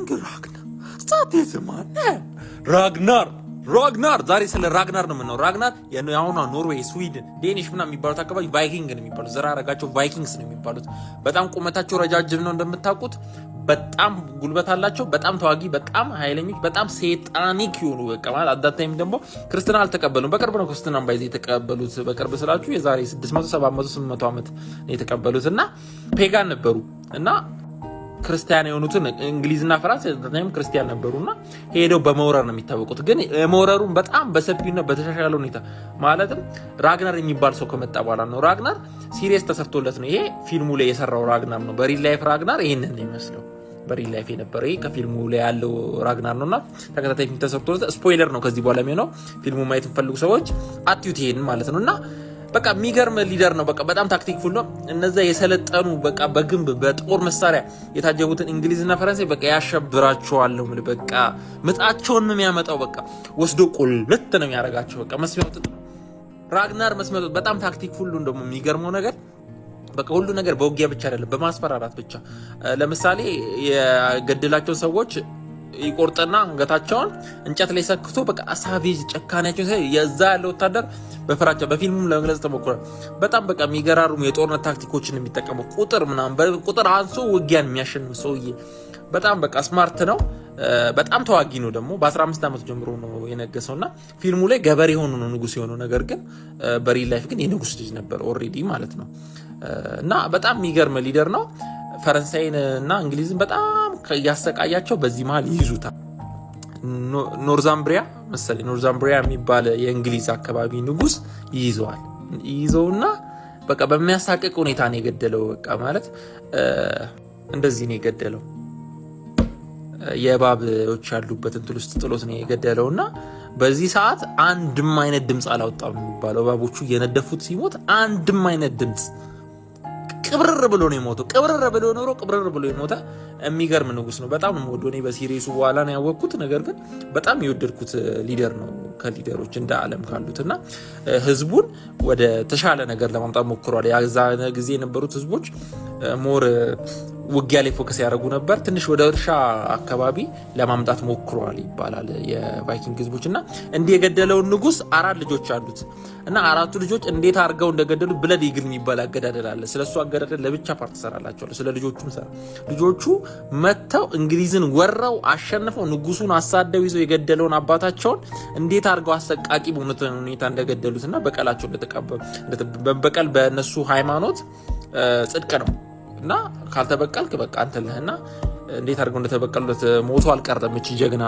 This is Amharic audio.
ኪንግ ራግናር ስታቴዝማ ራግናር ራግናር ዛሬ ስለ ራግናር ነው የምናወራው። ራግናር የአሁኗ ኖርዌይ፣ ስዊድን፣ ዴኒሽ ምናምን የሚባሉት አካባቢ ቫይኪንግ ነው የሚባሉት። ዘራ ሐረጋቸው ቫይኪንግስ ነው የሚባሉት። በጣም ቁመታቸው ረጃጅም ነው እንደምታውቁት። በጣም ጉልበት አላቸው። በጣም ተዋጊ፣ በጣም ኃይለኞች፣ በጣም ሴጣኒክ የሆኑ በቃ ማለት አዳታይም ደግሞ ክርስትና አልተቀበሉም። በቅርብ ነው ክርስትና ባይዘ የተቀበሉት። በቅርብ ስላችሁ የዛሬ 600 700 800 ዓመት ነው የተቀበሉት እና ፔጋን ነበሩ እና ክርስቲያን የሆኑትን እንግሊዝና ፈረንስ ም ክርስቲያን ነበሩና ሄደው በመውረር ነው የሚታወቁት። ግን መውረሩን በጣም በሰፊና በተሻሻለ ሁኔታ ማለትም ራግናር የሚባል ሰው ከመጣ በኋላ ነው። ራግናር ሲሪየስ ተሰርቶለት ነው። ይሄ ፊልሙ ላይ የሰራው ራግናር ነው። በሪል ላይፍ ራግናር ይህንን ይመስለው በሪል ላይፍ የነበረ ይሄ ከፊልሙ ላይ ያለው ራግናር ነው እና ተከታታይ ፊልም ተሰርቶለት ስፖይለር ነው ከዚህ በኋላ የሚሆነው ፊልሙ ማየት የምፈልጉ ሰዎች አትዩት ይሄን ማለት ነው እና በቃ የሚገርም ሊደር ነው። በቃ በጣም ታክቲክ ፉል ነው። እነዛ የሰለጠኑ በቃ በግንብ በጦር መሳሪያ የታጀቡትን እንግሊዝና ፈረንሳይ በቃ ያሸብራቸዋለሁ። ምን በቃ ምጣቸውን ነው የሚያመጣው። በቃ ወስዶ ቁልምት ነው የሚያደርጋቸው። በቃ መስሚያውጥ ራግናር መስሚያውጥ በጣም ታክቲክ ፉል ነው። እንደውም የሚገርመው ነገር በቃ ሁሉ ነገር በውጊያ ብቻ አይደለም፣ በማስፈራራት ብቻ ለምሳሌ የገደላቸው ሰዎች ይቆርጥና አንገታቸውን እንጨት ላይ ሰክቶ በቃ አሳቪጅ ጨካኔያቸው የዛ ያለ ወታደር በፍራቻ በፊልሙም ለመግለጽ ተሞክሯል። በጣም በቃ የሚገራሩም የጦርነት ታክቲኮችን የሚጠቀሙ ቁጥር ምናምን ቁጥር አንሶ ውጊያን የሚያሸንፍ ሰውዬ በጣም በቃ ስማርት ነው። በጣም ተዋጊ ነው ደግሞ በ15 ዓመቱ ጀምሮ ነው የነገሰው እና ፊልሙ ላይ ገበሬ የሆኑ ነው ንጉስ የሆነው ነገር ግን በሪል ላይፍ ግን የንጉስ ልጅ ነበር ኦልሬዲ ማለት ነው እና በጣም የሚገርም ሊደር ነው። ፈረንሳይን እና እንግሊዝን በጣም እያሰቃያቸው በዚህ መሀል ይይዙታል። ኖርዛምብሪያ መሰለኝ ኖርዛምብሪያ የሚባል የእንግሊዝ አካባቢ ንጉስ ይይዘዋል። ይይዘውና በቃ በሚያሳቅቅ ሁኔታ ነው የገደለው። በቃ ማለት እንደዚህ ነው የገደለው። የእባቦች ያሉበት እንትን ውስጥ ጥሎት ነው የገደለው እና በዚህ ሰዓት አንድም አይነት ድምፅ አላወጣም የሚባለው እባቦቹ እየነደፉት ሲሞት አንድም አይነት ድምፅ ቅብርር ብሎ ነው የሞተው። ቅብርር ብሎ ኖሮ ቅብርር ብሎ የሞተ የሚገርም ንጉስ ነው። በጣም ወዶ እኔ በሲሪሱ በኋላ ነው ያወቅኩት። ነገር ግን በጣም የወደድኩት ሊደር ነው ከሊደሮች እንደ አለም ካሉት እና ህዝቡን ወደ ተሻለ ነገር ለማምጣት ሞክሯል። ያዛ ጊዜ የነበሩት ህዝቦች ሞር ውጊያ ላይ ፎከስ ያደረጉ ነበር። ትንሽ ወደ እርሻ አካባቢ ለማምጣት ሞክረዋል ይባላል የቫይኪንግ ህዝቦች እና እንዲህ የገደለውን ንጉስ አራት ልጆች አሉት እና አራቱ ልጆች እንዴት አድርገው እንደገደሉ ብለድ ይግል የሚባል አገዳደል አለ። ስለሱ አገዳደል ለብቻ ፓርት ሰራላቸዋለሁ። ስለ ልጆቹ ሰራ። ልጆቹ መጥተው እንግሊዝን ወረው አሸንፈው ንጉሱን አሳደው ይዘው የገደለውን አባታቸውን እንዴት አድርገው አሰቃቂ በሆነ ሁኔታ እና በቀላቸው በቀል በእነሱ ሃይማኖት ጽድቅ ነው እና ካልተበቀልክ በቃ አንተልህና እንዴት አድርገው እንደተበቀሉት ሞቶ አልቀረም እቺ ጀግና